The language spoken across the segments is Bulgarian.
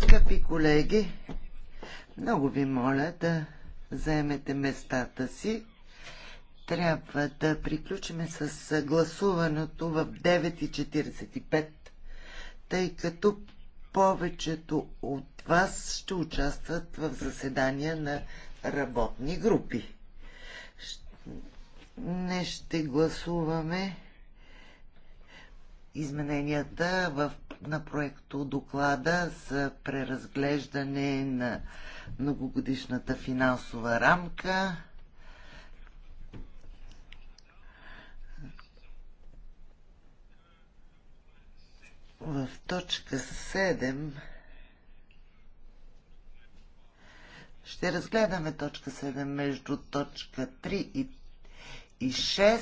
Скъпи колеги, много ви моля да заемете местата си. Трябва да приключиме с гласуването в 9.45, тъй като повечето от вас ще участват в заседания на работни групи. Не ще гласуваме измененията в, на проекто доклада за преразглеждане на многогодишната финансова рамка. В точка 7 ще разгледаме точка 7 между точка 3 и, и 6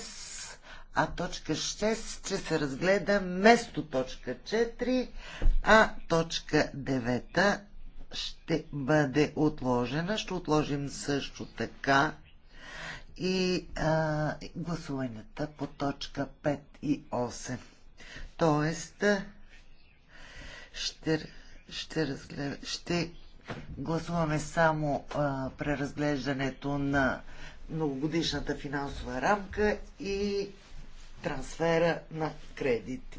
а точка 6 ще се разгледа вместо точка 4, а точка 9 ще бъде отложена. Ще отложим също така и а, гласуванията по точка 5 и 8. Тоест, ще, ще, разглед, ще гласуваме само а, преразглеждането на многогодишната финансова рамка и трансфера на кредити.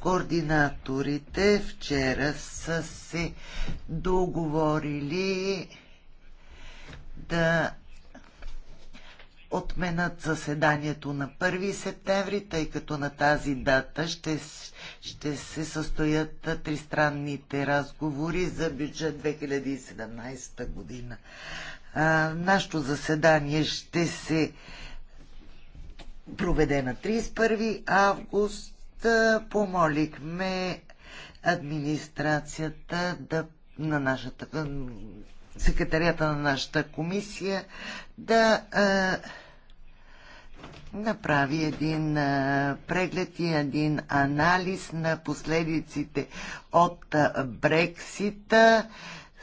Координаторите вчера са се договорили да отменят заседанието на 1 септември, тъй като на тази дата ще, ще се състоят тристранните разговори за бюджет 2017 година. А, нашето заседание ще се проведе на 31 август. Помолихме администрацията да, на нашата секретарията на нашата комисия да а, направи един а, преглед и един анализ на последиците от а, Брексита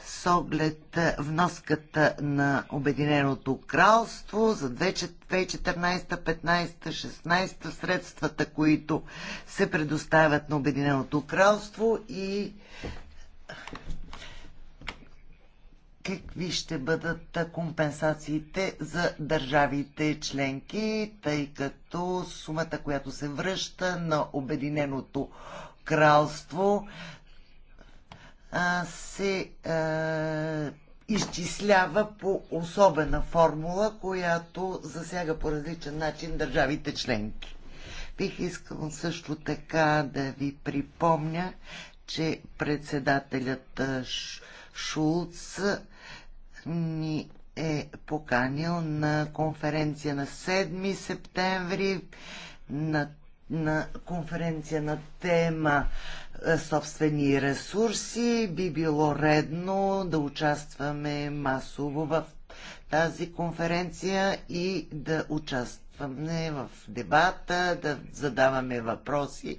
с оглед вноската на Обединеното кралство за 2014, 15, 16 средствата, които се предоставят на Обединеното кралство и какви ще бъдат компенсациите за държавите членки, тъй като сумата, която се връща на Обединеното кралство се изчислява по особена формула, която засяга по различен начин държавите членки. Бих искал също така да ви припомня, че председателят Шулц ни е поканил на конференция на 7 септември, на, на конференция на тема е, собствени ресурси, би било редно да участваме масово в тази конференция и да участваме в дебата, да задаваме въпроси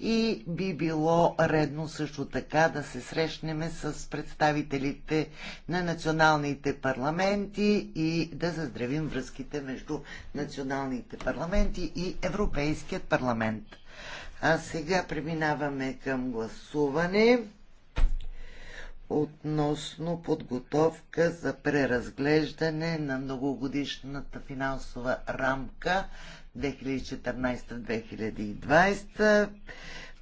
и би било редно също така да се срещнем с представителите на националните парламенти и да заздравим връзките между националните парламенти и Европейският парламент. А сега преминаваме към гласуване относно подготовка за преразглеждане на многогодишната финансова рамка 2014-2020.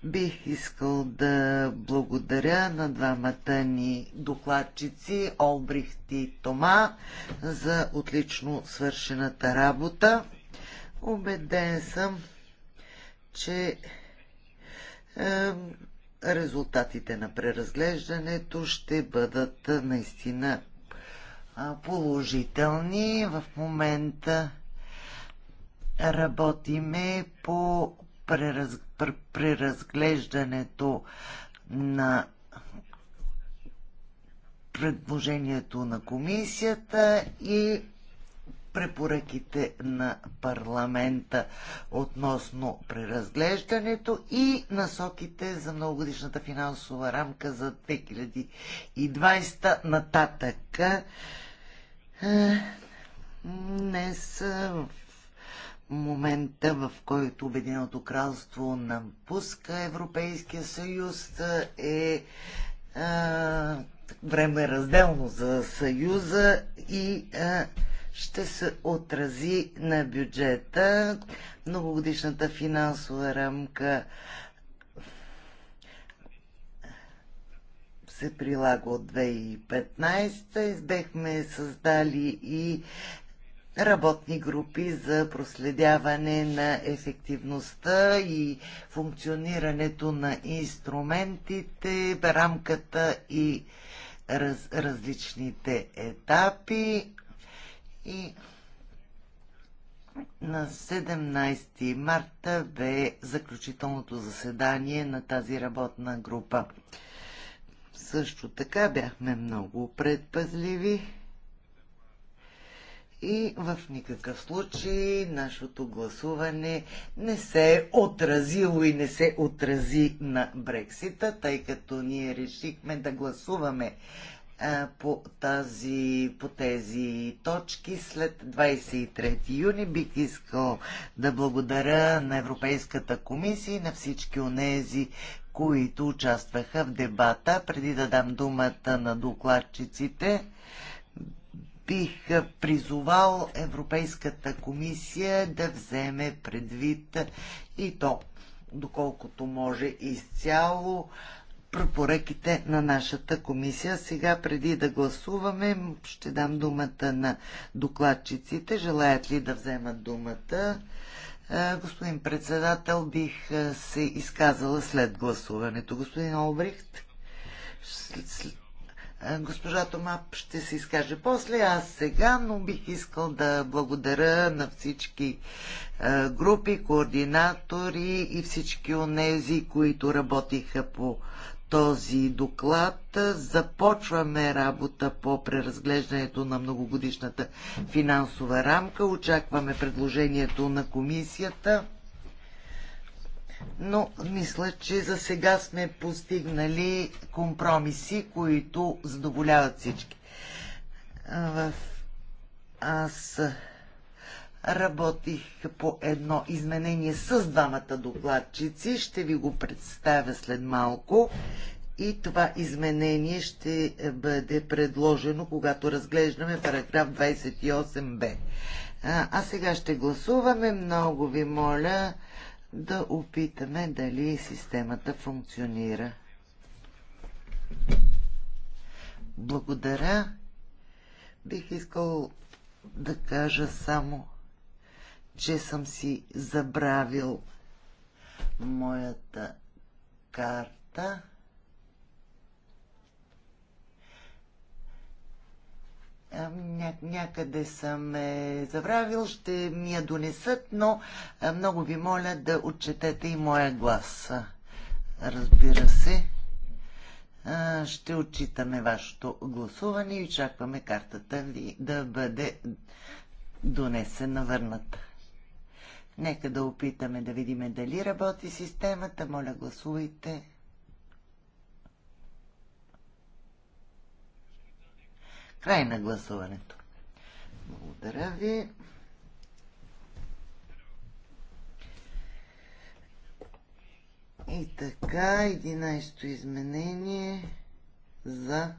Бих искал да благодаря на двамата ни докладчици Олбрихт и Тома за отлично свършената работа. Обеден съм, че е, резултатите на преразглеждането ще бъдат е, наистина е, положителни. В момента работиме по прераз... преразглеждането на предложението на комисията и препоръките на парламента относно преразглеждането и насоките за многогодишната финансова рамка за 2020 нататък. Е, днес е, в момента, в който Обединеното кралство напуска Европейския съюз, е, е време разделно за Съюза и а, ще се отрази на бюджета. Многогодишната финансова рамка се прилага от 2015. Избехме създали и работни групи за проследяване на ефективността и функционирането на инструментите, рамката и раз, различните етапи. И на 17 марта бе заключителното заседание на тази работна група. Също така бяхме много предпазливи и в никакъв случай нашето гласуване не се е отразило и не се отрази на Брексита, тъй като ние решихме да гласуваме по, тази, по тези точки след 23 юни. Бих искал да благодаря на Европейската комисия и на всички онези, които участваха в дебата. Преди да дам думата на докладчиците, бих призовал Европейската комисия да вземе предвид и то, доколкото може изцяло, препоръките на нашата комисия. Сега, преди да гласуваме, ще дам думата на докладчиците. Желаят ли да вземат думата? Е, господин председател, бих е, се изказала след гласуването. Господин Олбрихт, е, госпожа Томап ще се изкаже после, аз сега, но бих искал да благодаря на всички групи, координатори и всички онези, които работиха по този доклад. Започваме работа по преразглеждането на многогодишната финансова рамка. Очакваме предложението на комисията. Но мисля, че за сега сме постигнали компромиси, които задоволяват всички. В... Аз Работих по едно изменение с двамата докладчици. Ще ви го представя след малко. И това изменение ще бъде предложено, когато разглеждаме параграф 28б. А, а сега ще гласуваме. Много ви моля да опитаме дали системата функционира. Благодаря. Бих искал да кажа само че съм си забравил моята карта. Ня, някъде съм е забравил, ще ми я донесат, но много ви моля да отчетете и моя глас. Разбира се, ще отчитаме вашето гласуване и очакваме картата ви да бъде донесена върната. Нека да опитаме да видим дали работи системата. Моля, гласувайте. Край на гласуването. Благодаря ви. И така, 11-то изменение за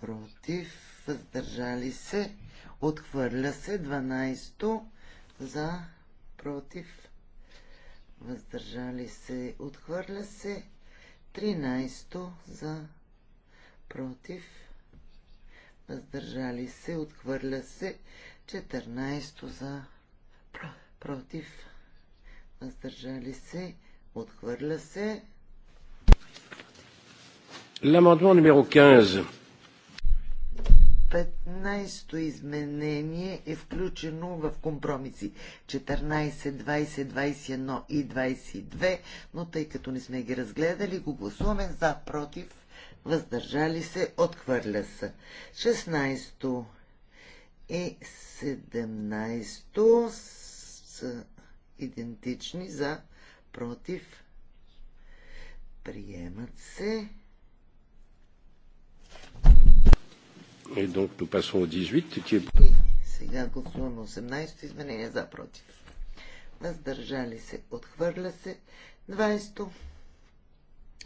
против, въздържали се, отхвърля се, 12-то за против, въздържали се, отхвърля се. 13 за против, въздържали се, отхвърля се. 14 за против, въздържали се, отхвърля се. L'amendement numéro 15 15-то изменение е включено в компромиси 14, 20, 21 и 22, но тъй като не сме ги разгледали, го гласуваме за, против, въздържали се, отхвърля се. 16-то и 17-то са идентични за, против, приемат се. 18 сега гласуваме 18 изменение за против. Въздържали се, отхвърля се. 20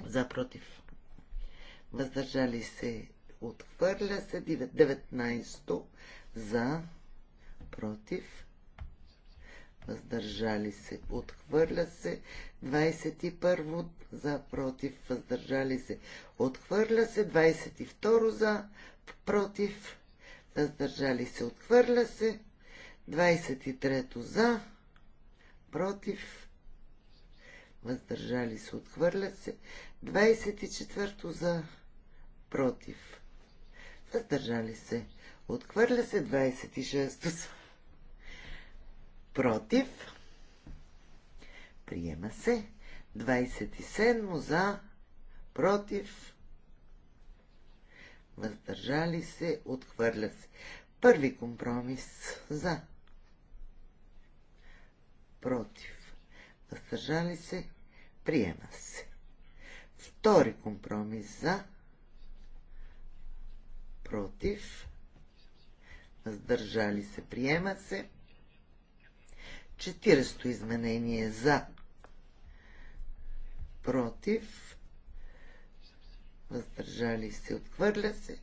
за против. Въздържали се, отхвърля се. 19 за против. Въздържали се, отхвърля се. 21 за против. Въздържали се, отхвърля се. 22 за против, въздържали се, отхвърля се. 23 за, против, въздържали се, отхвърля се. 24 за, против, въздържали се, отхвърля се. 26 за, против, приема се. 27 за, против, въздържали се, отхвърля се. Първи компромис за, против, въздържали се, приема се. Втори компромис за, против, въздържали се, приема се. Четиресто изменение за, против, въздържали се, отхвърля се.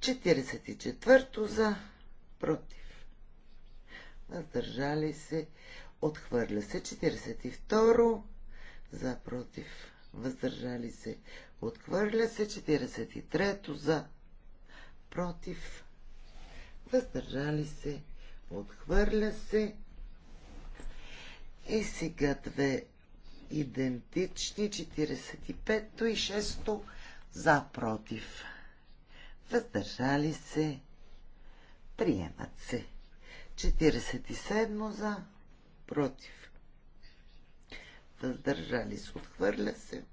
44-то за, против, въздържали се, отхвърля се. 42-ро за, против, въздържали се, отхвърля се. 43-то за, против, въздържали се, отхвърля се. И сега две идентични, 45-то и 6-то за, против, въздържали се, приемат се. 47 за, против, въздържали се, отхвърля се.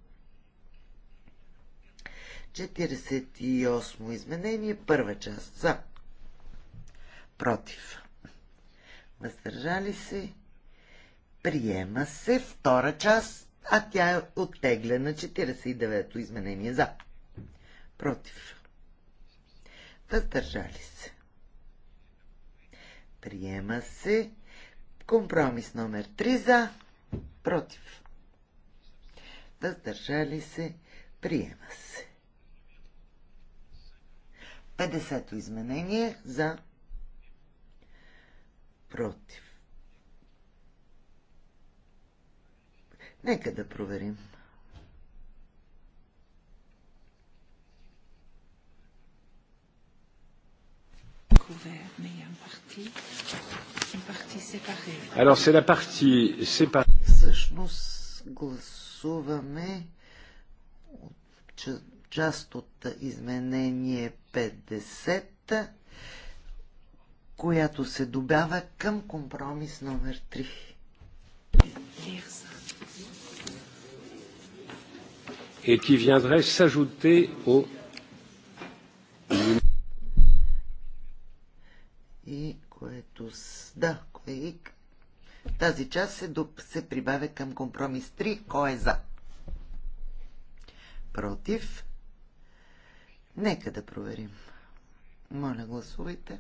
48 изменение, първа част за, против, въздържали се, приема се, втора част, а тя е оттеглена 49-то изменение за против, въздържали се. Приема се компромис номер 3 за, против, въздържали се, приема се. 50-то изменение за против. Нека да проверим. Alors, c'est la partie séparée. част от изменение 50, която се добавя към компромис номер 3. Et qui viendrait s'ajouter au и което с... Да, кое и... Тази част се, доп... се прибавя към компромис 3. Кой е за? Против? Нека да проверим. Моля, гласувайте.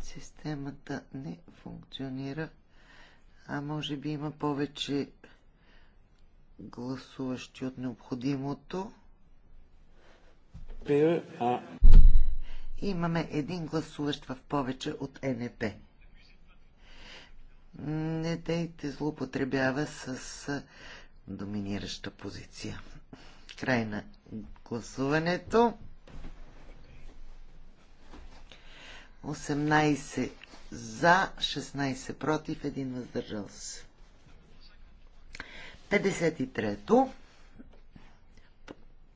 Системата не функционира. А може би има повече гласуващи от необходимото. Имаме един гласуващ в повече от НП. Не дейте злоупотребява с доминираща позиция. Край на гласуването. 18 за 16 против, 1 въздържал се. 53-то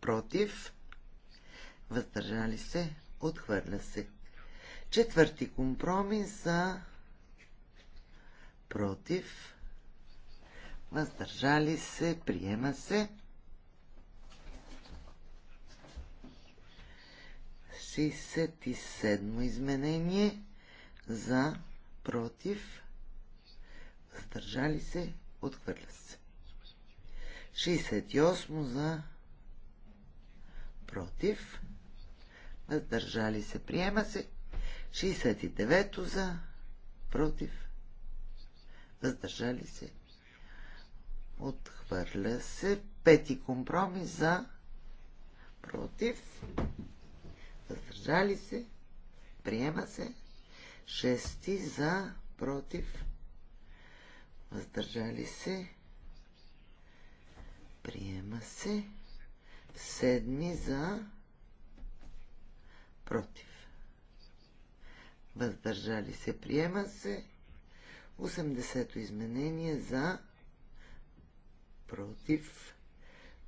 против, въздържали се, отхвърля се. Четвърти компромис за против, въздържали се, приема се. 67 изменение – за, против, въздържали се, отхвърля се. 68 за, против, въздържали се, приема се. 69 за, против, въздържали се, отхвърля се. Пети компромис за, против, въздържали се, приема се. 6 за, против, въздържали се, приема се, 7 за, против, въздържали се, приема се, 80-то изменение за, против,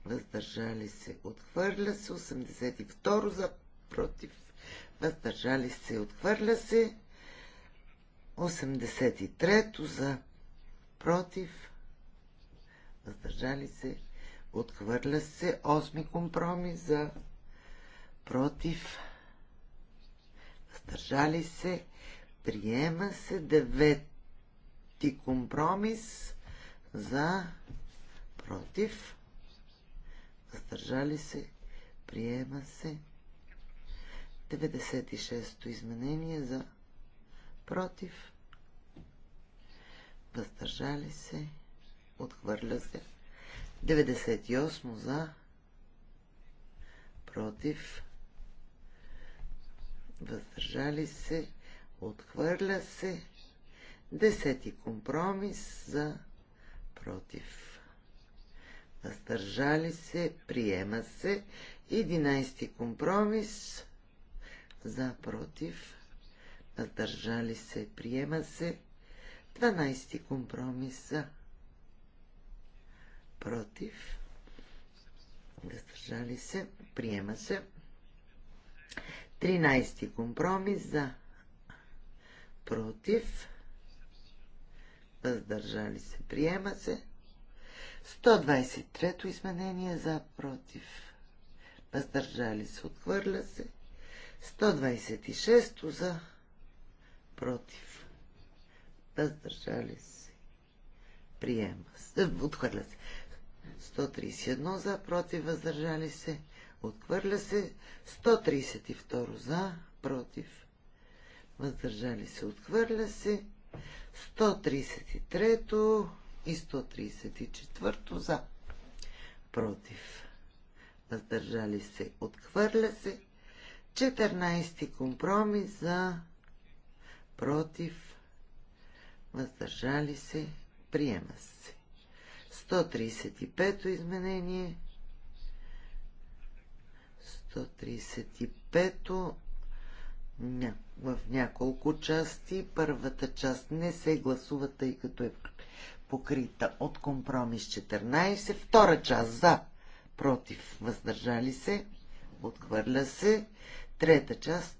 въздържали се, отхвърля се, 82 за, против, въздържали се, отхвърля се, 83-то за против, въздържали се, отхвърля се. Осми компромис за против, въздържали се, приема се. Девети компромис за против, въздържали се, приема се. 96-то изменение за против против, въздържали се, отхвърля се. 98 за, против, въздържали се, отхвърля се. Десети компромис за, против, въздържали се, приема се. Единайсти компромис за, против, въздържали се, приема се. 12 компромиса против, въздържали се, приема се. 13 компромис за против, въздържали се, приема се. 123 изменение за против, въздържали се, отхвърля се. 126 за против против, въздържали се, приема се, отхвърля се. 131 за, против, въздържали се, отхвърля се. 132 за, против, въздържали се, отхвърля се. 133 и 134 за, против, въздържали се, отхвърля се. 14 компромис за против, въздържали се, приема се. 135-то изменение. 135-то в няколко части. Първата част не се гласува, тъй като е покрита от компромис 14. Втора част за, против, въздържали се, отхвърля се. Трета част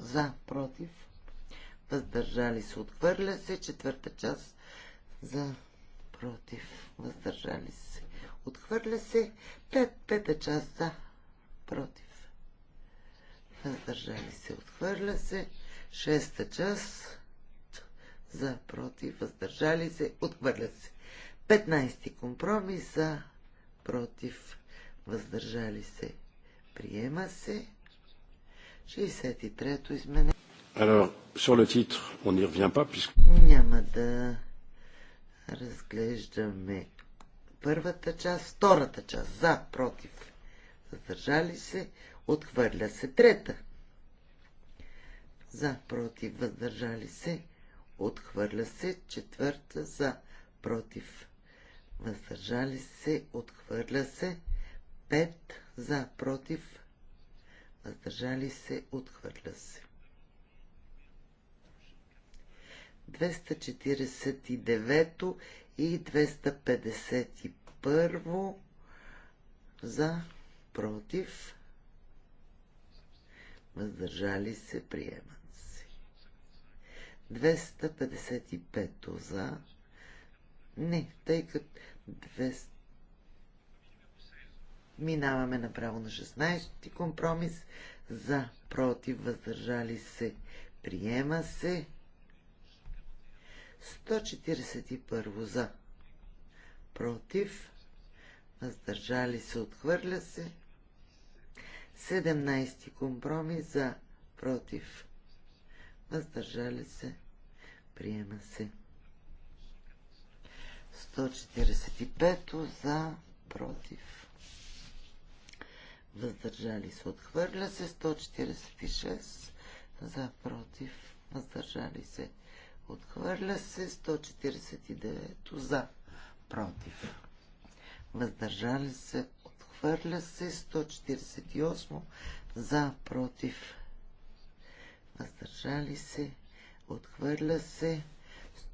за, против, въздържали се, отхвърля се. Четвърта част за против, въздържали се, отхвърля се. Пет, пета част за против, въздържали се, отхвърля се. Шеста част за против, въздържали се, отхвърля се. 15 компромис за против, въздържали се, приема се. 63-то изменение. Alors, sur le titre, on n'y revient pas, puisque... Няма да разглеждаме първата част, втората част, за, против, въздържали се, отхвърля се трета. За, против, въздържали се, отхвърля се четвърта, за, против, въздържали се, отхвърля се, пет, за, против, въздържали се, отхвърля се. 249 и 251 за против въздържали се приемат се 255 за не, тъй като 200 минаваме направо на 16 ти компромис за против въздържали се приема се 141 за. Против. Въздържали се. Отхвърля се. 17 компромис за. Против. Въздържали се. Приема се. 145 за. Против. Въздържали се. Отхвърля се. 146 за. Против. Въздържали се. Отхвърля се 149 за. Против. Въздържали се. Отхвърля се 148 за. Против. Въздържали се. Отхвърля се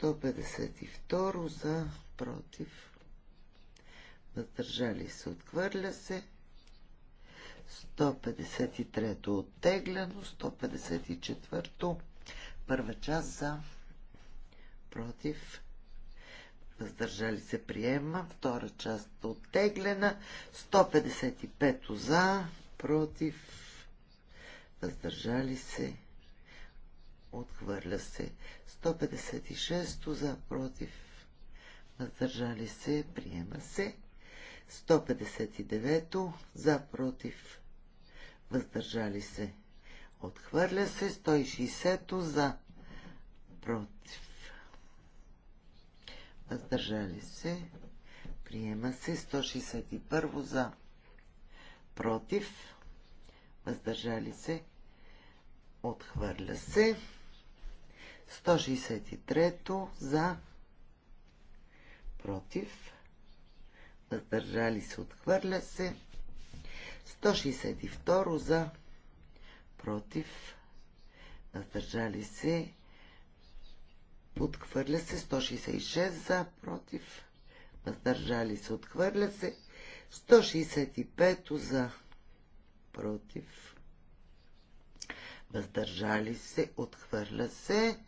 152 за. Против. Въздържали се. Отхвърля се 153 оттегляно, 154 първа част за против, въздържали се приема, втора част оттеглена, 155 за, против, въздържали се, отхвърля се, 156 за, против, въздържали се, приема се, 159 за, против, въздържали се, отхвърля се, 160 за, против, въздържали се, приема се 161 за, против, въздържали се, отхвърля се, 163 за, против, въздържали се, отхвърля се, 162 за, против, въздържали се, Отхвърля се 166 за, против. Въздържали се. Отхвърля се 165 за, против. Въздържали се. Отхвърля се.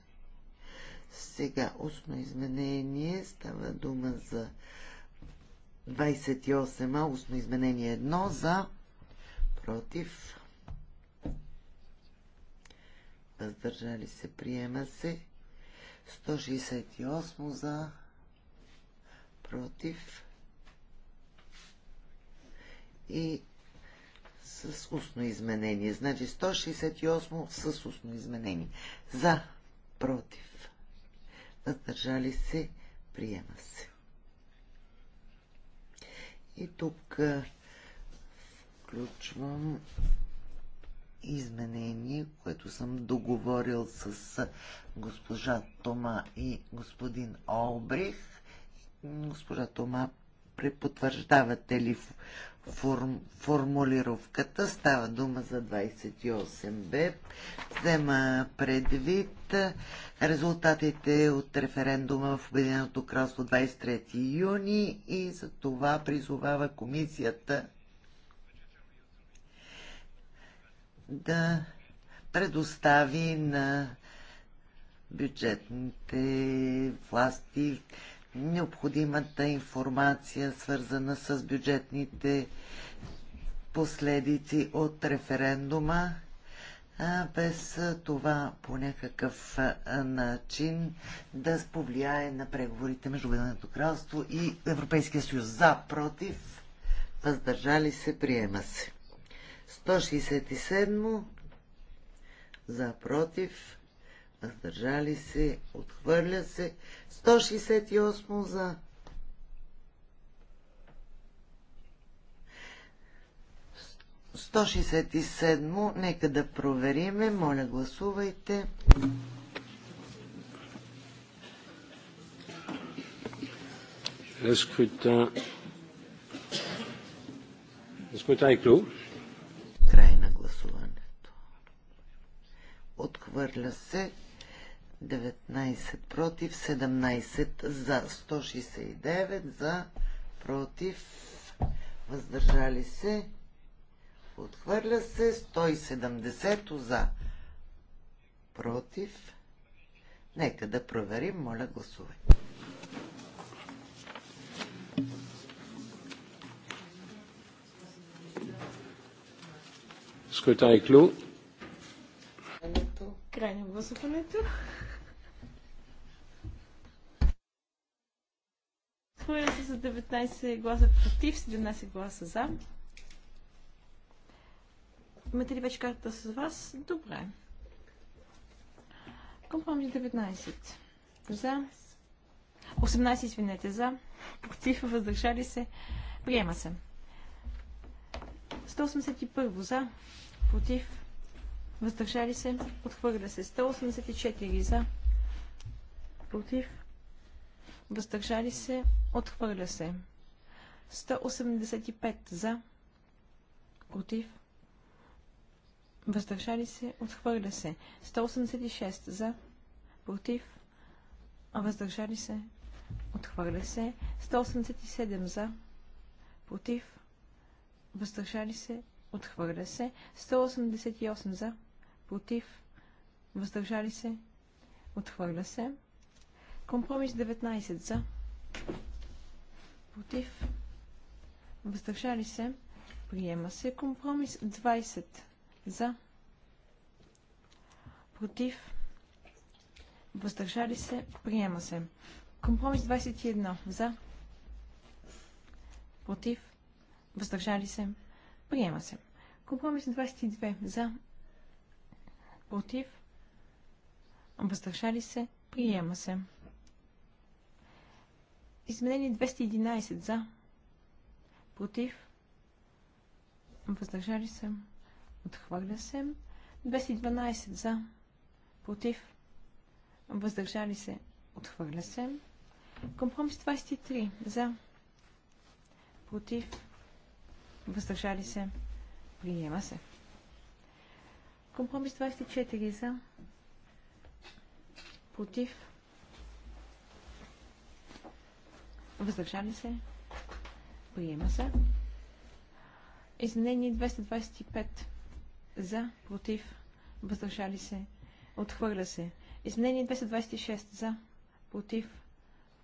Сега устно изменение. Става дума за 28а. Устно изменение 1 за, против. Въздържали се. Приема се. 168 за, против и с устно изменение. Значи 168 с устно изменение. За, против, въздържали се, приема се. И тук включвам изменение, което съм договорил с госпожа Тома и господин Олбрих. Госпожа Тома, препотвърждавате ли форм, формулировката? Става дума за 28б. Взема предвид резултатите от референдума в Обединеното кралство 23 юни и за това призовава комисията да предостави на бюджетните власти необходимата информация, свързана с бюджетните последици от референдума. Без това по някакъв начин да повлияе на преговорите между Обединеното кралство и Европейския съюз. За, против, въздържали се, приема се. 167 за против, въздържали се, отхвърля се. 168 за Сто седмо. Нека да провериме. Моля, гласувайте. Le scrutin. е клуб. Отхвърля се. 19 против, 17 за, 169 за, против, въздържали се. Отхвърля се 170 за, против. Нека да проверим, моля гласувай. Скрутен е клю гласуването. Хвърля се за 19 гласа против, 17 гласа за. Имате ли вече картата с вас? Добре. Компромис 19. За. 18, извинете, за. Против, въздържали се. Приема се. 181 за. Против, Въздържали се. Отхвърля се. 184 за. Против. Въздържали се. Отхвърля се. 185 за. Против. Въздържали се. Отхвърля се. 186 за. Против. Въздържали се. Отхвърля се. 187 за. Против. Въздържали се. Отхвърля се. 188 за против, въздържали се, отхвърля се. Компромис 19 за, против, въздържали се, приема се. Компромис 20 за, против, въздържали се, приема се. Компромис 21 за, против, въздържали се, приема се. Компромис 22 за, против, въздържали се, приема се. Изменени 211 за, против, въздържали се, отхвърля се. 212 за, против, въздържали се, отхвърля се. Компромис 23 за, против, въздържали се, приема се. Компромис 24 за. Против. Въздържали се. Приема се. Изменение 225 за. Против. Въздържали се. Отхвърля се. Изменение 226 за. Против.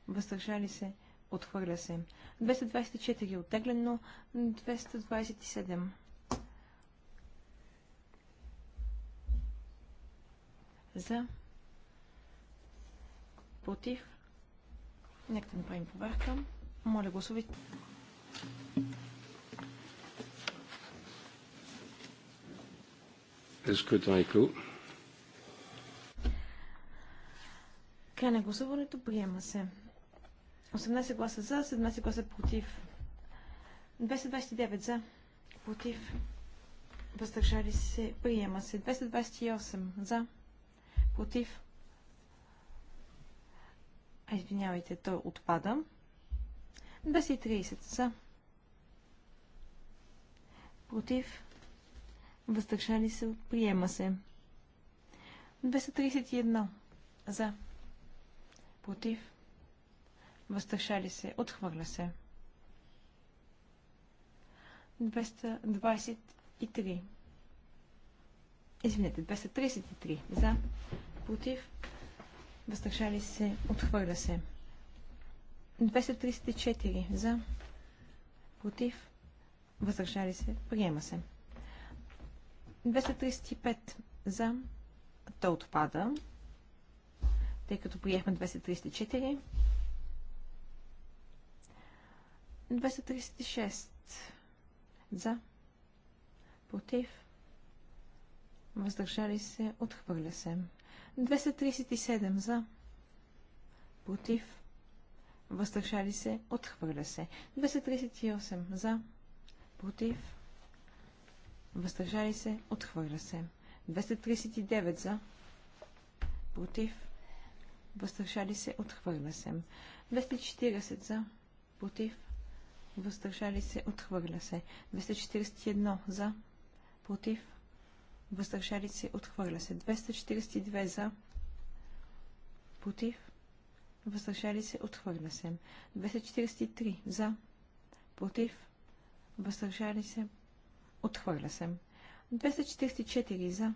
Въздържали се. Отхвърля се. 224 оттеглено. 227 за, против. Нека да направим поверка. Моля гласувайте. Край на гласуването приема се. 18 гласа за, 17 гласа против. 229 за, против. Въздържали се, приема се. 228 за, Против. Извинявайте, то отпада. 230 са. Против. Въздържали се. Приема се. 231 за. Против. Въздържали се. Отхвърля се. 223. Извинете, 233 за против, въздържали се, отхвърля се. 234 за, против, въздържали се, приема се. 235 за, то отпада, тъй като приехме 234. 236 за, против, въздържали се, отхвърля се. 237 за. Против. Въздържали се. Отхвърля се. 238 за. Против. Въздържали се. Отхвърля се. 239 за. Против. Въздържали се. Отхвърля се. 240 за. Против. Въздържали се. Отхвърля се. 241 за. Против въздържали се, отхвърля се. 242 за, против, въздържали се, отхвърля се. 243 за, против, въздържали се, отхвърля се. 244 за,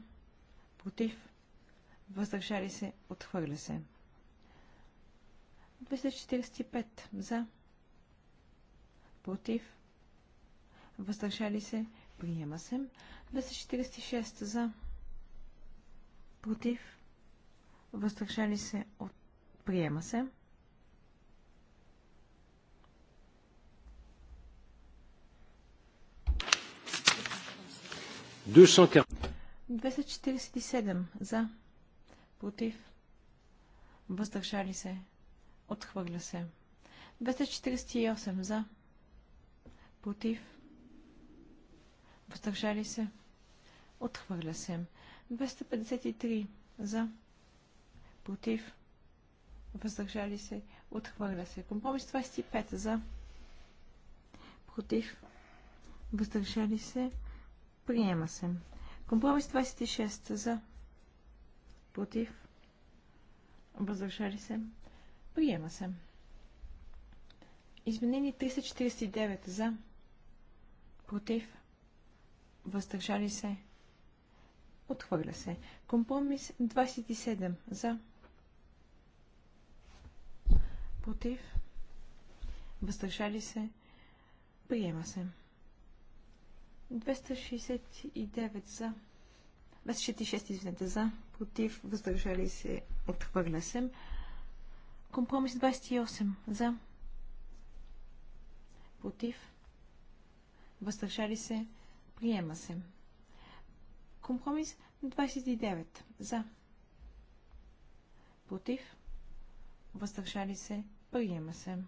против, въздържали се, отхвърля се. 245 за, против, въздържали се, приема се. 246 за. Против. Въздържали се от... Приема се. Двеста 247 за. Против. Въздържали се. Отхвърля се. 248 за. Против. Въздържали се. Отхвърля се. 253 за. Против. Въздържали се. Отхвърля се. Компромис 25 за. Против. Въздържали се. Приема се. Компромис 26 за. Против. Въздържали се. Приема се. Изменени 349 за. Против. Въздържали се. Отхвърля се. Компромис 27. За. Против. Въздържали се. Приема се. 269 за. 266, извинете, за. Против. Въздържали се. Отхвърля се. Компромис 28. За. Против. Въздържали се. Приема се. Компромис 29. За. Против. Въздържали се. Приема се.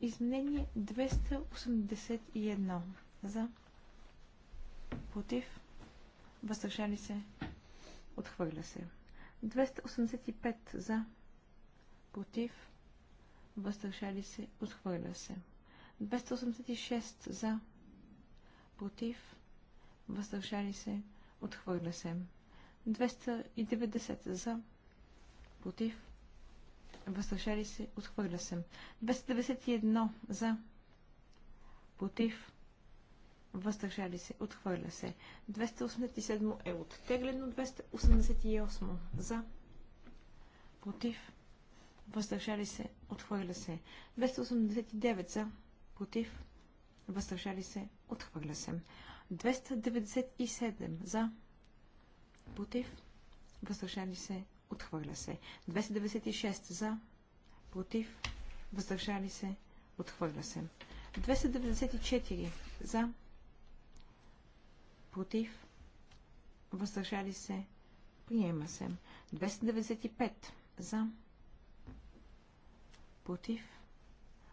Изменение 281. За. Против. Въздържали се. Отхвърля се. 285. За. Против. Въздържали се. Отхвърля се. 286. За. Против въздържали се, отхвърля се. 290 за, против, въздържали се, отхвърля се. 291 за, против, въздържали се, отхвърля се. 287 е оттеглено, 288 за, против, въздържали се, отхвърля се. 289 за, против, въздържали се, отхвърля се. 297 за, против, въздържали се, отхвърля се. 296 за, против, въздържали се, отхвърля се. 294 за, против, въздържали се, приема се. 295 за, против,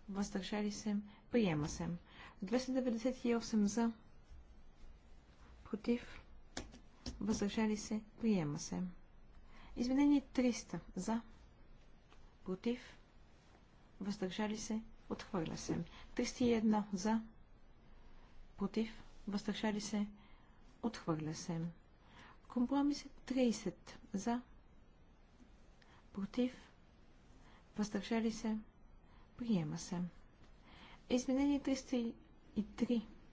въздържали се, приема се. 298 за, против, въздържали се, приема се. Изменение 300 за, против, въздържали се, отхвърля се. 301 за, против, въздържали се, отхвърля се. Компромис 30 е за, против, въздържали се, приема се. Изменение 303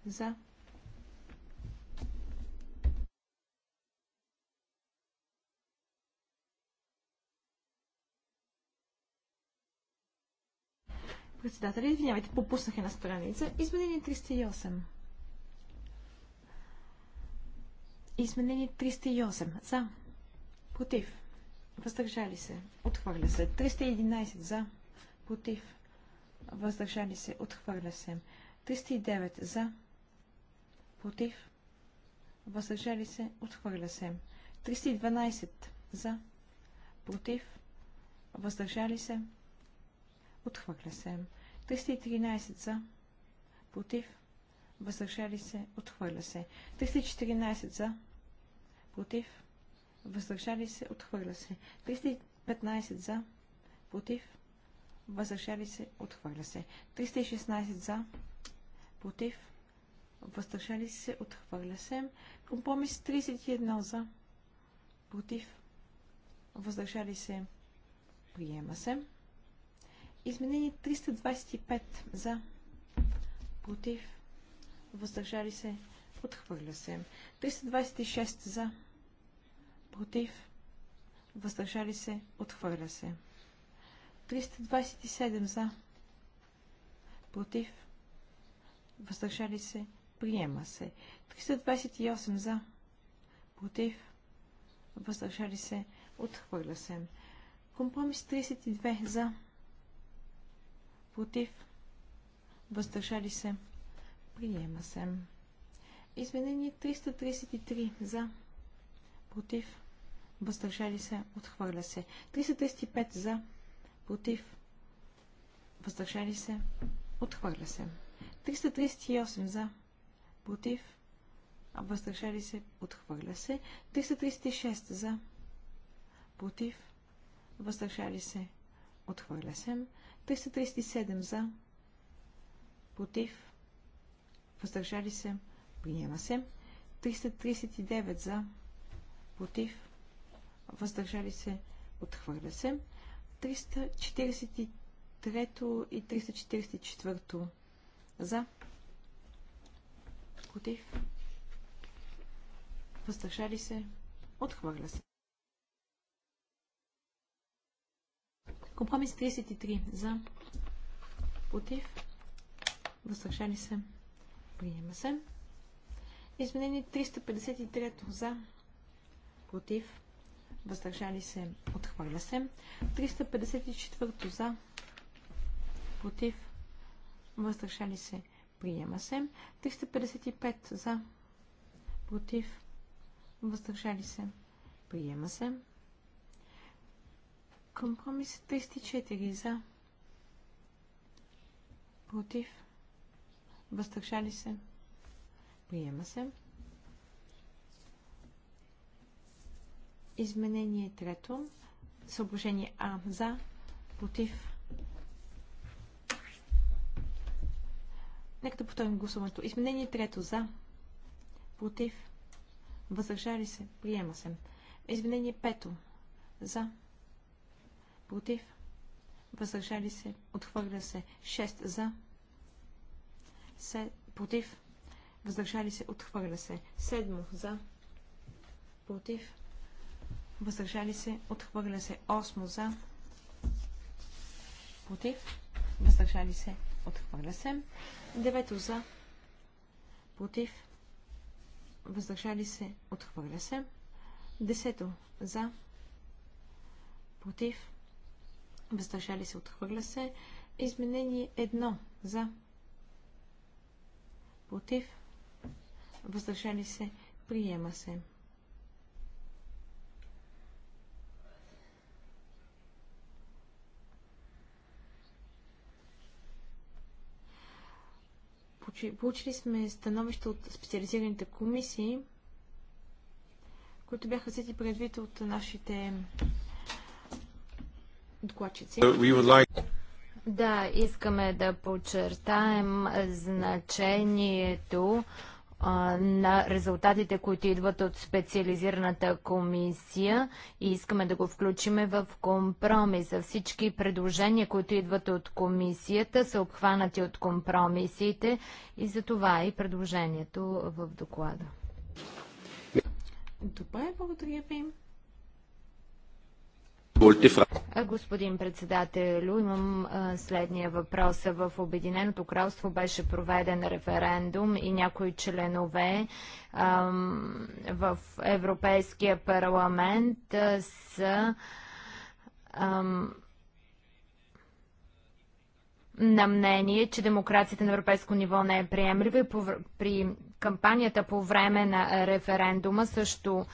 за, Председателя, извинявайте, попуснах една страница. Изменение 308. Изменение 308. За. Против. Въздържали се. Отхвърля се. 311. За. Против. Въздържали се. Отхвърля се. 309. За. Против. Въздържали се. Отхвърля се. 312. За. Против. Въздържали се. Отхвърля се. 313 за. Против. Въздържали се. Отхвърля се. 314 за. Против. Въздържали се. Отхвърля се. 315 за. Против. Въздържали се. Отхвърля се. 316 за. Против. Въздържали се. Отхвърля се. Компромис 31 за. Против. Въздържали се. Приема се. Изменение 325 за, против, въздържали се, отхвърля се. 326 за, против, въздържали се, отхвърля се. 327 за, против, въздържали се, приема се. 328 за, против, въздържали се, отхвърля се. Компромис 32 за, против, против, въздържали се, приема се. Изменение 333 за, против, въздържали се, отхвърля се. 335 за, против, въздържали се, отхвърля се. 338 за, против, въздържали се, отхвърля се. 336 за, против, въздържали се, отхвърля се. 337 за, против, въздържали се, приема се. 339 за, против, въздържали се, отхвърля се. 343 и 344 за, против, въздържали се, отхвърля се. Компромис 33 за против. Въздържали се. Приема се. Изменение 353 за против. Въздържали се. Отхвърля се. 354 за против. Въздържали се. Приема се. 355 за против. Въздържали се. Приема се. Компромис 34 за. Против. Въздържали се. Приема се. Изменение трето. Съображение А за. Против. Нека да повторим гласуването. Изменение трето за. Против. Въздържали се. Приема се. Изменение пето. За против, въздържали се, отхвърля се 6 за, се, против, въздържали се, отхвърля се 7 за, против, въздържали се, отхвърля се 8 за, против, въздържали се, отхвърля се 9 за, против, въздържали се, отхвърля се 10 за, против, въздържали се, отхвърля се. Изменение едно за, против, въздържали се, приема се. Получили сме становища от специализираните комисии, които бяха взети предвид от нашите докладчици. Да, искаме да подчертаем значението на резултатите, които идват от специализираната комисия и искаме да го включиме в компромиса. Всички предложения, които идват от комисията, са обхванати от компромисите и за това е и предложението в доклада. Добре, благодаря ви. Господин председател, имам а, следния въпрос. В Обединеното кралство беше проведен референдум и някои членове а, в Европейския парламент а, са на мнение, че демокрацията на европейско ниво не е приемлива и при кампанията по време на референдума също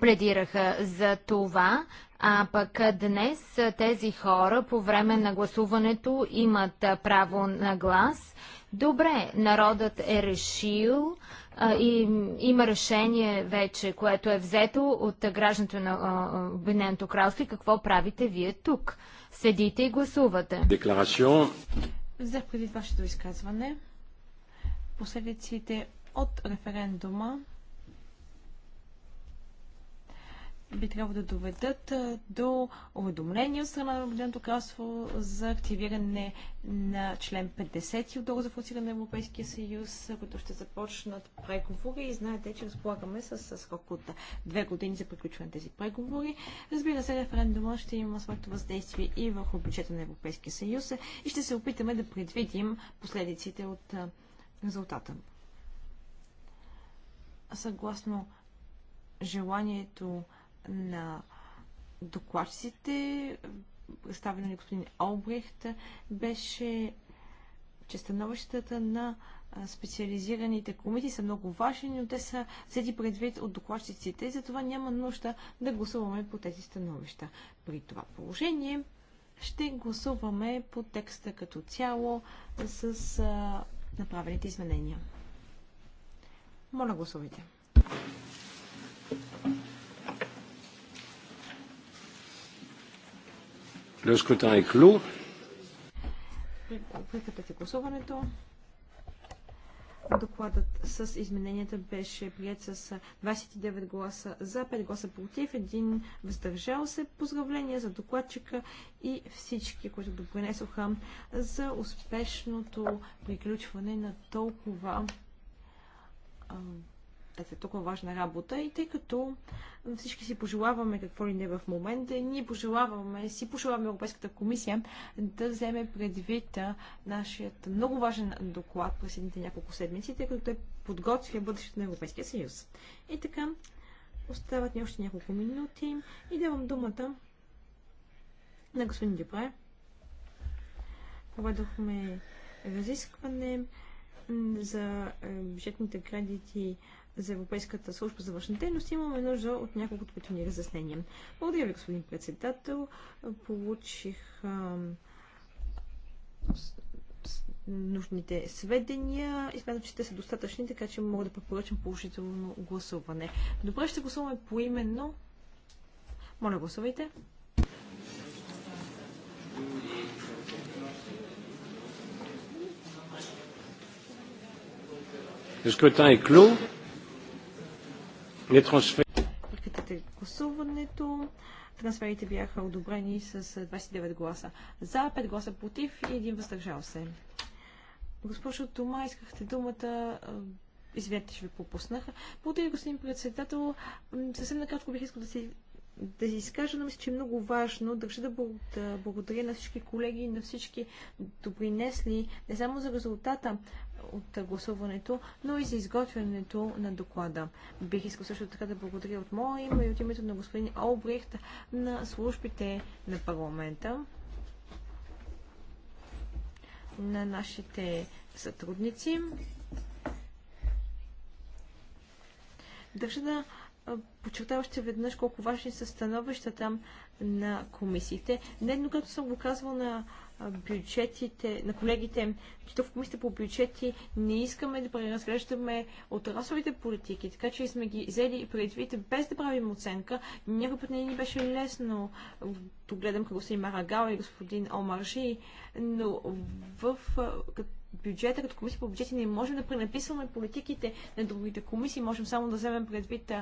пледираха за това, а пък днес тези хора по време на гласуването имат право на глас. Добре, народът е решил а, и има решение вече, което е взето от гражданите на Обединеното кралство и какво правите вие тук? Седите и гласувате. Декларация. Взех преди вашето изказване последиците от референдума би трябвало да доведат до уведомление от страна на Обединеното кралство за активиране на член 50 от договор за функциране на Европейския съюз, които ще започнат преговори и знаете, че разполагаме с срок от две години за приключване на тези преговори. Разбира се, референдума ще има своето въздействие и върху бюджета на Европейския съюз и ще се опитаме да предвидим последиците от резултата. Съгласно желанието на докладците, представено ни господин Олбрехт, беше, че становищата на специализираните комити са много важни, но те са взети предвид от докладчиците и затова няма нужда да гласуваме по тези становища. При това положение ще гласуваме по текста като цяло с а, направените изменения. Моля, гласувайте. Thank you. Le scrutin est clos. Прекратете гласуването. Докладът с измененията беше прият с 29 гласа за, 5 гласа против, 1 въздържал се. Поздравления за докладчика и всички, които допринесоха за успешното приключване на толкова е, толкова важна работа и тъй като всички си пожелаваме какво ли не в момента, ние пожелаваме, си пожелаваме Европейската комисия да вземе предвид нашият много важен доклад през следните няколко седмици, тъй като той подготвя бъдещето на Европейския съюз. И така, остават ни още няколко минути и давам думата на господин Дюпре. Проведохме разискване за бюджетните кредити за Европейската служба за външна дейност имаме нужда от няколко допълнителни разяснения. Благодаря ви, господин председател. Получих а, с, нужните сведения и смятам, че те са достатъчни, така че мога да препоръчам положително гласуване. Добре, ще гласуваме поименно. Моля, гласувайте. Le scrutin est clos. Прекратете гласуването. Трансферите бяха одобрени с 29 гласа. За, 5 гласа против и един въздържал се. Госпожо Тома, искахте думата. Извинете, че ви пропуснах. Благодаря, господин председател. Съвсем накратко бих искал да се да си изкажа, мисля, че е много важно. Държа да, благодаря на всички колеги и на всички допринесли не само за резултата от гласуването, но и за изготвянето на доклада. Бих искал също така да благодаря от моя име и от името на господин Олбрихт на службите на парламента, на нашите сътрудници. Държа да подчертава още веднъж колко важни са становища там на комисиите. Не, като съм го казвал на бюджетите, на колегите, чето в комисията по бюджети не искаме да преразглеждаме отрасовите политики, така че сме ги взели и предвид, без да правим оценка. Някой път не ни беше лесно, тук гледам към и Марагал и господин Омаржи, но в, бюджета, като комисия по бюджети не можем да пренаписваме политиките на другите комисии, можем само да вземем предвид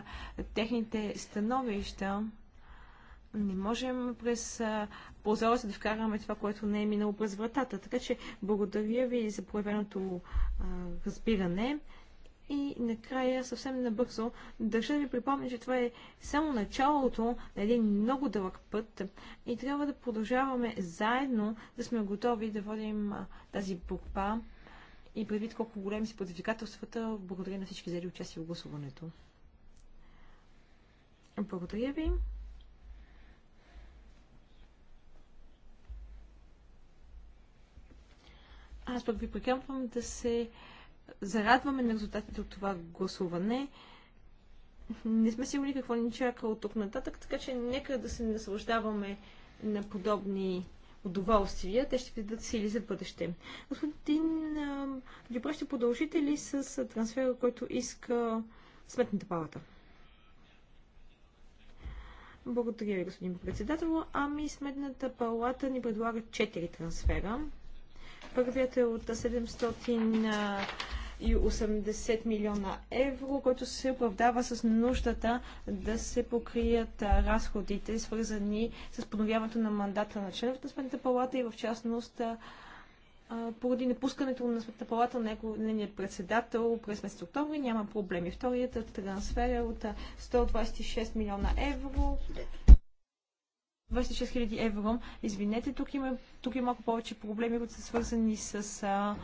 техните становища. Не можем през прозореца да вкараме това, което не е минало през вратата. Така че благодаря ви за проявеното а, разбиране. И накрая, съвсем набързо, държа да ви припомня, че това е само началото на един много дълъг път и трябва да продължаваме заедно да сме готови да водим тази борба и предвид колко големи си предизвикателствата, благодаря на всички взели участие в гласуването. Благодаря ви. Аз пък ви приканвам да се зарадваме на резултатите от това гласуване. Не сме сигурни какво ни чака от тук нататък, така че нека да се наслаждаваме на подобни удоволствия. Те ще дадат сили за бъдеще. Господин Дюбре, ще продължите ли с трансфера, който иска Сметната палата? Благодаря ви, господин председател. Ами Сметната палата ни предлага 4 трансфера. Първият е от 780 милиона евро, който се оправдава с нуждата да се покрият разходите, свързани с подновяването на мандата на членовете на Сметната палата и в частност поради напускането на Сметната палата на нейният председател през месец октомври няма проблеми. Вторият е трансфер е от 126 милиона евро. 26 000 евро. Извинете, тук има, тук има малко повече проблеми, които са свързани с а,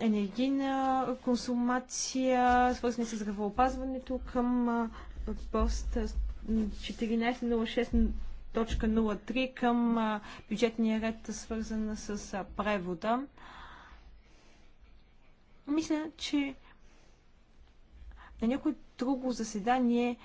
енергийна консумация, свързани с здравеопазването към а, пост 1406.03 към а, бюджетния ред, свързана с а, превода. Мисля, че на някое друго заседание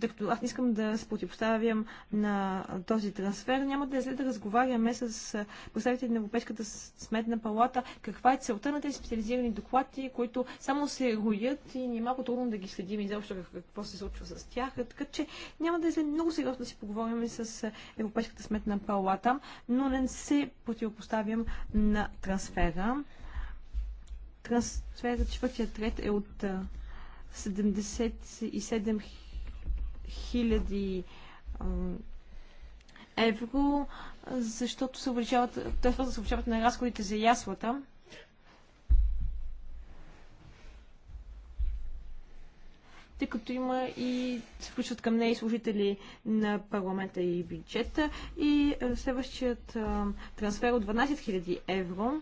тъй като аз не искам да се противоставям на този трансфер, няма да е след да разговаряме с представители на Европейската сметна палата каква е целта на тези специализирани доклади, които само се роят и ни е малко трудно да ги следим и заобщо какво се случва с тях. Така че няма да е след много сериозно да си поговорим с Европейската сметна палата, но не се противопоставям на трансфера. Трансферът четвъртият трет е от 77 хиляди евро, защото се увеличават, това да се увеличават на разходите за яслата. тъй като има и се включват към нея и служители на парламента и бюджета. И следващият а, трансфер от 12 000 евро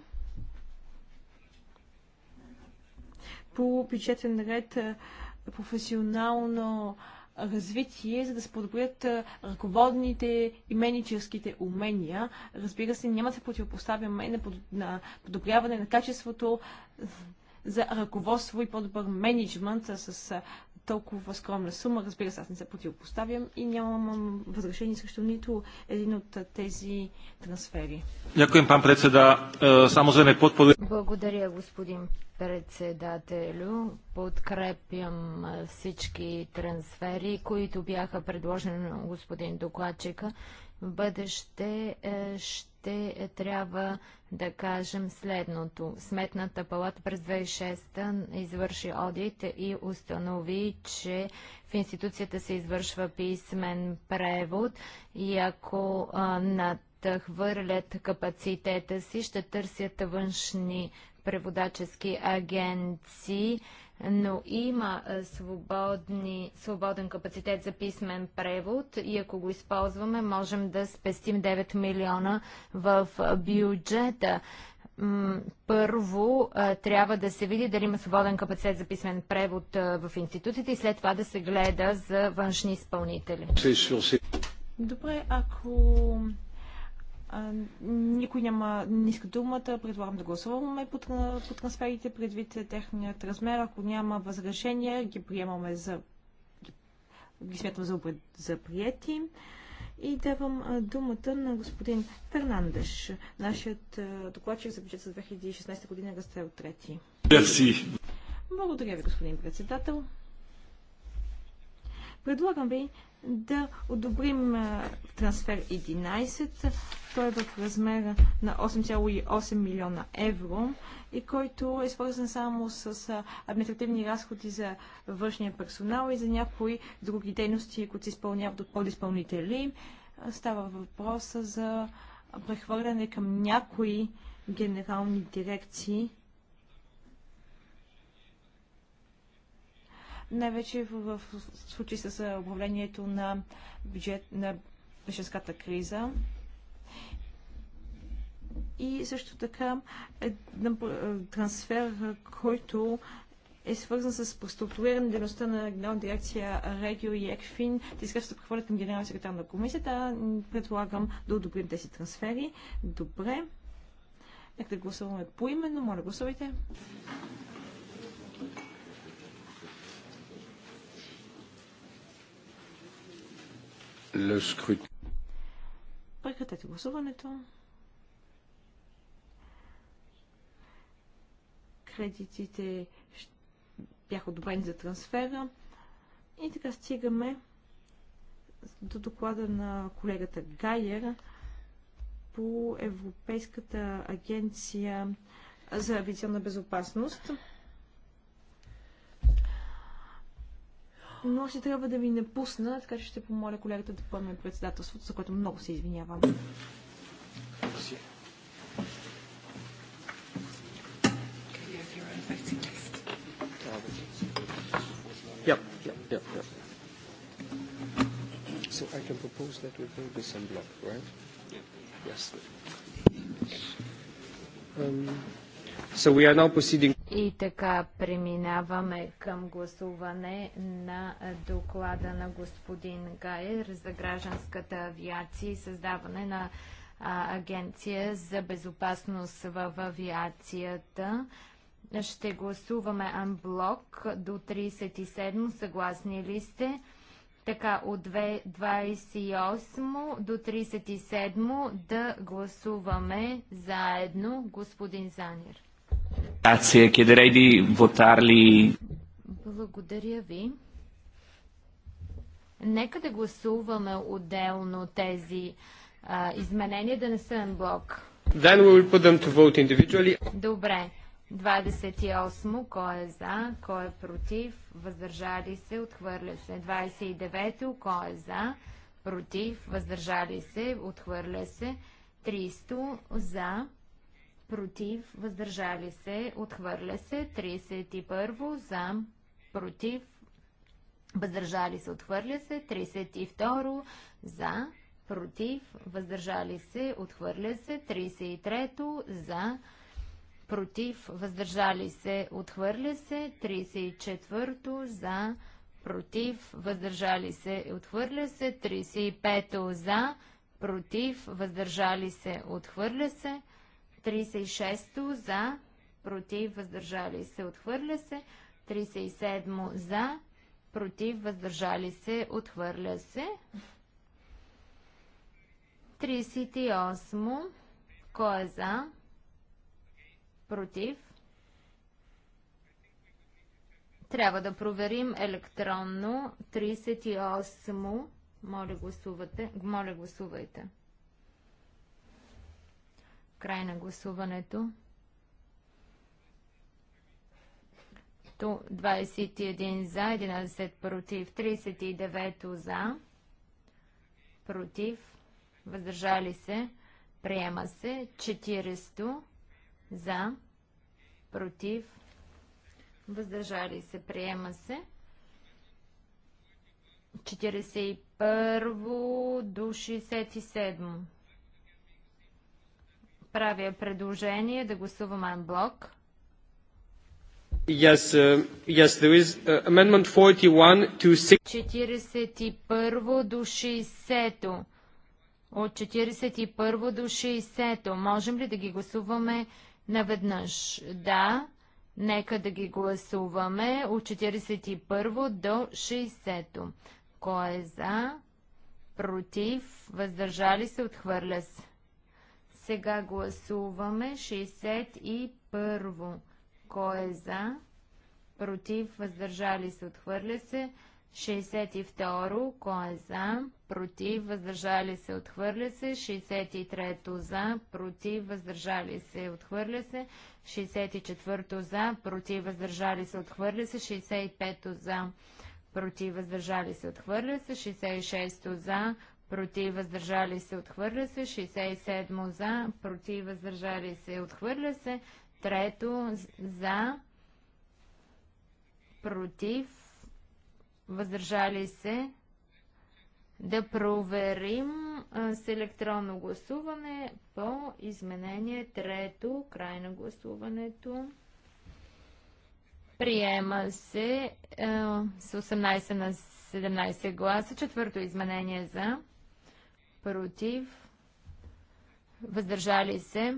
по бюджетен ред професионално а, развитие, за да се подобрят ръководните и менеджерските умения. Разбира се, няма да се противопоставяме на, подобряване на качеството за ръководство и по-добър менеджмент с толкова скромна сума. Разбира се, аз не се противопоставям и нямам възрешение срещу нито един от тези трансфери. Някой пан председа, само за не подпори. Благодаря, господин председателю. Подкрепям всички трансфери, които бяха предложени на господин докладчика. В бъдеще е, ще ще трябва да кажем следното. Сметната палата през 2006 извърши одит и установи, че в институцията се извършва писмен превод и ако а, надхвърлят капацитета си, ще търсят външни преводачески агенции но има свободни, свободен капацитет за писмен превод и ако го използваме, можем да спестим 9 милиона в бюджета. Първо трябва да се види дали има свободен капацитет за писмен превод в институциите и след това да се гледа за външни изпълнители. Добре, ако никой няма не иска думата. Предлагам да гласуваме по, по трансферите предвид техният размер. Ако няма възражения, ги приемаме за ги смятам за, за приети. И давам думата на господин Фернандеш, нашият докладчик за бюджет за 2016 година, Гастел Трети. Благодаря ви, господин председател. Предлагам ви да одобрим трансфер 11 той е в размера на 8,8 милиона евро и който е свързан само с административни разходи за външния персонал и за някои други дейности, които се изпълняват от подизпълнители. Става въпрос за прехвърляне към някои генерални дирекции, най-вече в, в, в случай с управлението на бюджет на бежанската криза и също така е трансфер, който е свързан с преструктуриране дейността на генерална дирекция Регио и Екфин. Те искат да прехвърлят към генерална секретар на комисията. Предлагам да одобрим тези трансфери. Добре. Нека да гласуваме по именно. Моля, гласувайте. Le scrutin. Прекратете гласуването. Кредитите бяха одобрени за трансфера. И така стигаме до доклада на колегата Гайер по Европейската агенция за авиационна безопасност. но ще трябва да ви напусна, така че ще помоля колегата да поеме председателството, за което много се извинявам. so we are now proceeding. И така преминаваме към гласуване на доклада на господин Гайер за гражданската авиация и създаване на Агенция за безопасност в авиацията. Ще гласуваме анблок до 37. Съгласни ли сте? Така, от 28 до 37 да гласуваме заедно господин Занир. Благодаря ви. Нека да гласуваме отделно тези а, изменения, да не са блок. Добре. 28. Кой е за? Кой е против? Въздържали се? Отхвърля се. 29. Кой е за? Против? Въздържали се? Отхвърля се. 300. За? против, въздържали се, отхвърля се. 31 за, против, въздържали се, отхвърля се. 32 за, против, въздържали се, отхвърля се. 33 за, против, въздържали се, отхвърля се. 34 за, против, въздържали се, отхвърля се. 35 за, против, въздържали се, отхвърля се. 36 за, против, въздържали се, отхвърля се. 37 за, против, въздържали се, отхвърля се. 38. Кой е за? Против? Трябва да проверим електронно. 38. Моля, гласувате. Моля гласувайте. Край на гласуването. То 21 за, 11 против, 39 за, против, въздържали се, приема се, 400 за, против, въздържали се, приема се. 41 до 67. Правя предложение да гласуваме анблок. Yes, uh, yes, there is uh, amendment 41 to 41 до 60. От 41 до 60. Можем ли да ги гласуваме наведнъж? Да. Нека да ги гласуваме от 41 до 60. Кой е за? Против? Въздържали се? Отхвърля се. Сега гласуваме 61. Кой е за? Против, въздържали се, отхвърля се. 62. Кой е за? Против, въздържали се, отхвърля се. 63. За, против, въздържали се, отхвърля се. 64. За, против, въздържали се, отхвърля се. 65. За, против, въздържали се, отхвърля се. 66. За, против въздържали се, отхвърля се. 67 за, против въздържали се, отхвърля се. Трето за, против въздържали се. Да проверим с електронно гласуване по изменение трето, край на гласуването. Приема се е, с 18 на 17 гласа. Четвърто изменение за против, въздържали се,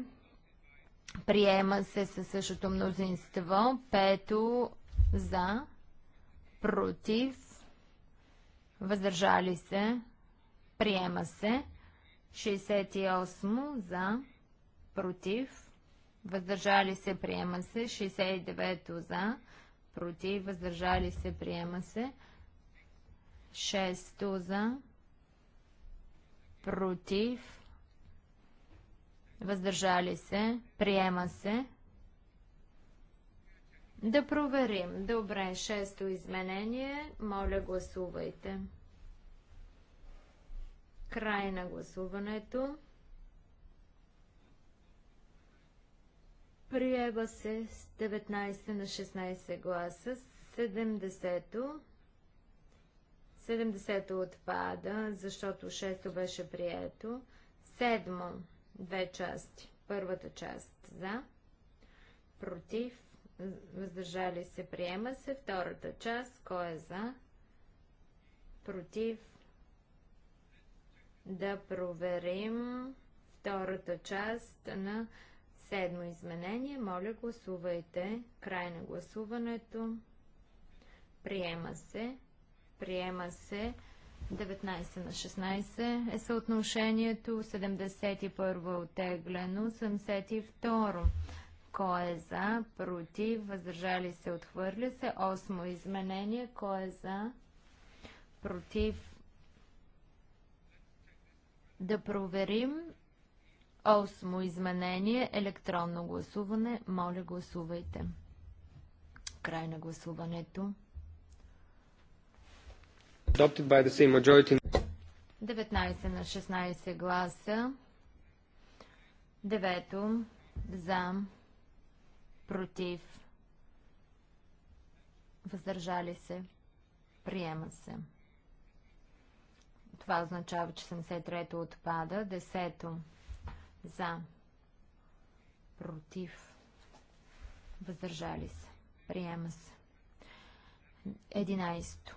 приема се със същото мнозинство, пето за, против, въздържали се, приема се, 68 за, против, въздържали се, приема се, 69 за, против, въздържали се, приема се, 6 за, против, въздържали се, приема се. Да проверим. Добре, шесто изменение. Моля, гласувайте. Край на гласуването. Приема се с 19 на 16 гласа. 70-то. 70 отпада, защото 6 беше прието. 7 две части. Първата част за, против, въздържали се, приема се. Втората част, кой е за, против, да проверим втората част на седмо изменение. Моля, гласувайте. Край на гласуването. Приема се. Приема се 19 на 16 е съотношението, 71 отеглено, 72. Кой е за? Против? Въздържали се? Отхвърля се. Осмо изменение. Кой е за? Против? Да проверим. 8 изменение. Електронно гласуване. Моля, гласувайте. Край на гласуването. Adopted by the same majority. 19 на 16 гласа. Девето за, против, въздържали се, приема се. Това означава, че 73-то отпада. Десето за, против, въздържали се, приема се. Единайсто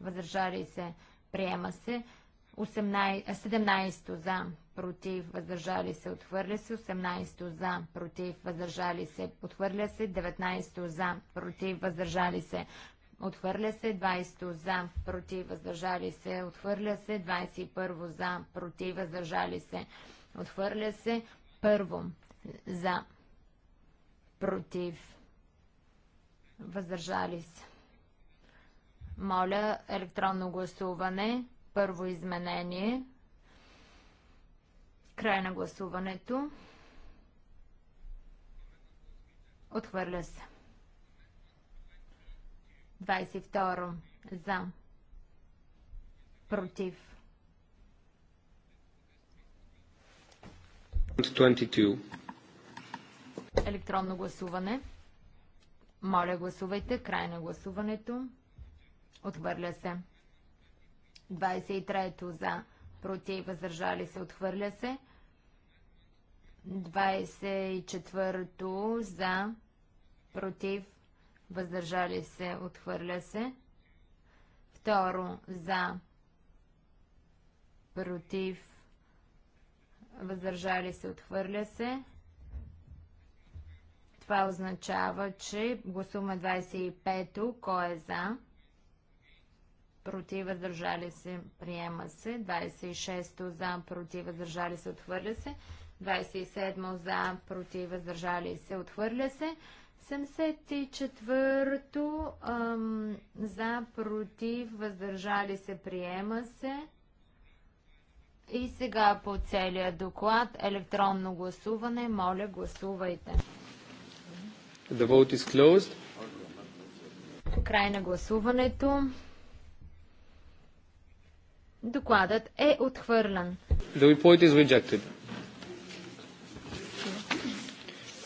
въздържали се, приема се. 18, 17 за, против, въздържали се, отхвърля се. 18 за, против, въздържали се, отхвърля се. 19 за, против, въздържали се, Отхвърля се 20 за, против, въздържали се. Отхвърля се 21 за, против, въздържали се. Отхвърля се първо за, против, въздържали се. Моля електронно гласуване. Първо изменение. Край на гласуването. Отхвърля се. 22. За. Против. 22. Електронно гласуване. Моля гласувайте. Край на гласуването. Отхвърля се. 23-то за. Против. Въздържали се. Отхвърля се. 24-то за. Против. Въздържали се. Отхвърля се. Второ за. Против. Въздържали се. Отхвърля се. Това означава, че гласуваме 25-то. Кой е за? против, въздържали се, приема се. 26 за, против, въздържали се, отхвърля се. 27 за, против, въздържали се, отхвърля се. 74-то за, против, въздържали се, приема се. И сега по целия доклад електронно гласуване. Моля, гласувайте. The vote is closed. Край на гласуването. Докладът е отхвърлен. The report is rejected.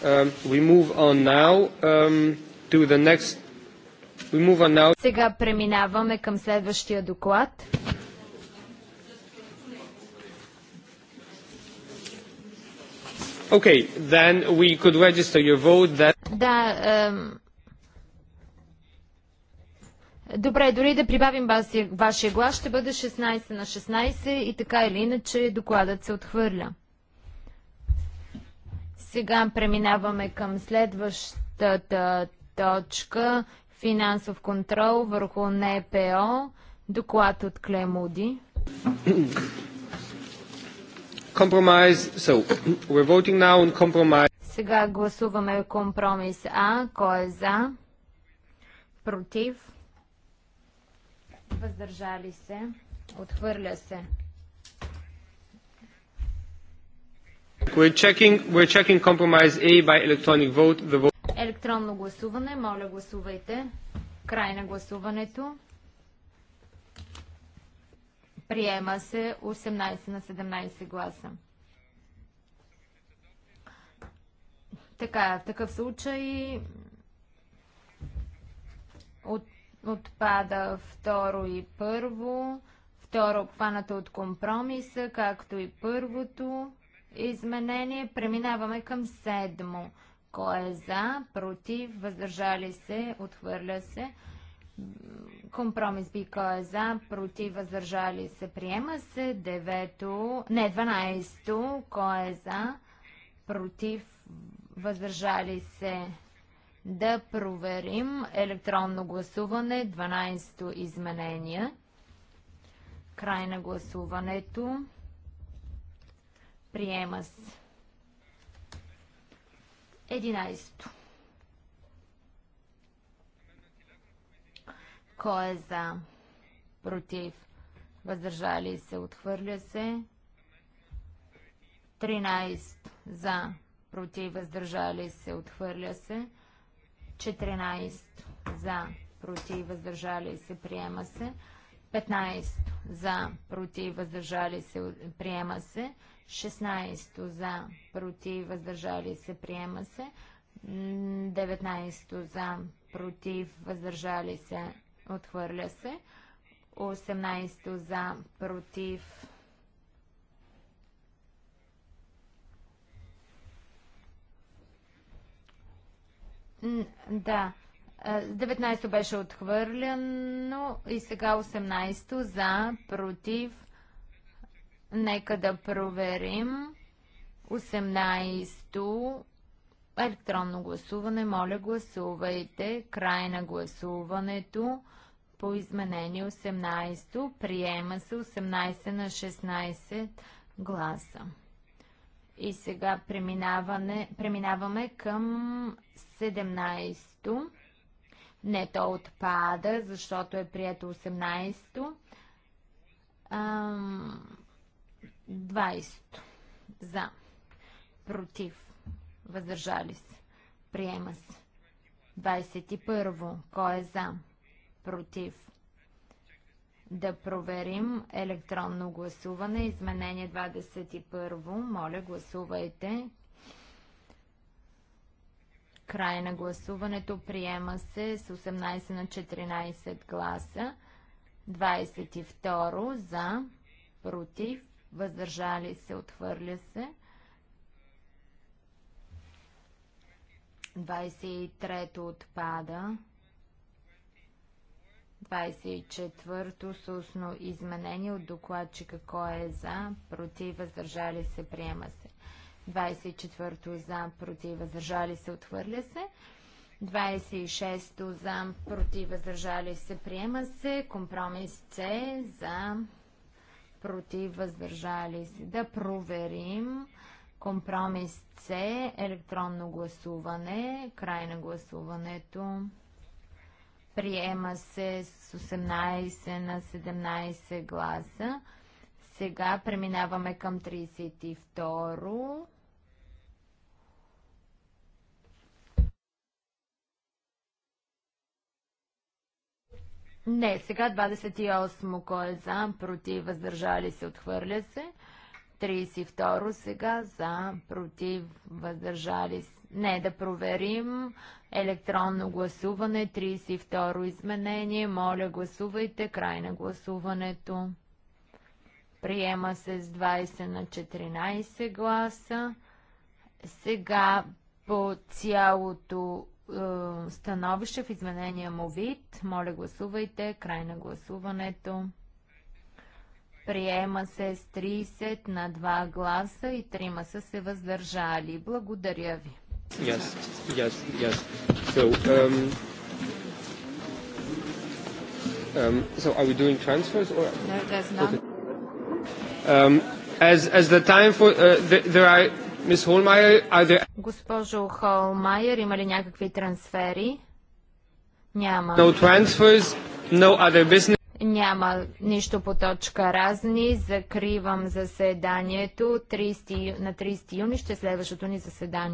Um, we move on now um, to the next we move on now. Сега преминаваме към следващия доклад. Okay, then we could register your vote that... Да, um, Добре, дори да прибавим вашия глас, ще бъде 16 на 16 и така или иначе докладът се отхвърля. Сега преминаваме към следващата точка финансов контрол върху НПО. Доклад от Клемуди. So, Сега гласуваме компромис А. Кой е за? Против? въздържали се, отхвърля се. We're checking, we're checking compromise A by electronic vote. The vote. Електронно гласуване, моля гласувайте. Край на гласуването. Приема се 18 на 17 гласа. Така, в такъв случай от Отпада второ и първо, второ обхваната от компромиса, както и първото изменение. Преминаваме към седмо. Кой е за, против, въздържали се, отхвърля се. Компромис би кой е за, против, въздържали се, приема се. Девето, не, дванайсто, кой е за, против, въздържали се, да проверим електронно гласуване 12-то изменение. Край на гласуването. Приема се. 11-то. Кой е за? Против. Въздържали се. Отхвърля се. 13 за. Против. Въздържали се. Отхвърля се. 14 за, против, въздържали се, приема се. 15 за, против, въздържали се, приема се. 16 за, против, въздържали се, приема се. 19 за, против, въздържали се, отхвърля се. 18 за, против, Да. 19-то беше отхвърлено и сега 18-то за, против. Нека да проверим. 18-то електронно гласуване. Моля, гласувайте. Край на гласуването по изменение 18-то. Приема се 18 на 16 гласа. И сега преминаване, преминаваме към 17-то. Не, то отпада, защото е прието 18-то. 20-то. За. Против. Въздържали се. Приема се. 21-во. Кой е за? Против да проверим електронно гласуване. Изменение 21. Моля, гласувайте. Край на гласуването приема се с 18 на 14 гласа. 22 за, против, въздържали се, отхвърля се. 23 отпада. 24-то с устно изменение от докладчика кой е за, против, въздържали се, приема се. 24-то за, против, въздържали се, отхвърля се. 26-то за, против, въздържали се, приема се. Компромис С за, против, въздържали се. Да проверим. Компромис С, електронно гласуване, край на гласуването. Приема се с 18 на 17 гласа. Сега преминаваме към 32. Не, сега 28 кой е за, против, въздържали се, отхвърля се. 32 сега за, против, въздържали се. Не, да проверим електронно гласуване, 32 изменение. Моля, гласувайте. Край на гласуването. Приема се с 20 на 14 гласа. Сега по цялото е, становище в изменения му вид. Моля, гласувайте. Край на гласуването. Приема се с 30 на 2 гласа и 3 са се въздържали. Благодаря ви. Yes, yes, yes. So, um, um, so are we doing transfers or? No, there's none. Okay. Um, as, as the time for, uh, th- there are, Ms. Holmeyer, are there... Госпожо Холмайер, има ли някакви трансфери? Няма. No transfers, no other business. Няма нищо по точка разни. Закривам заседанието. 30, на 30 юни ще следващото ни заседание.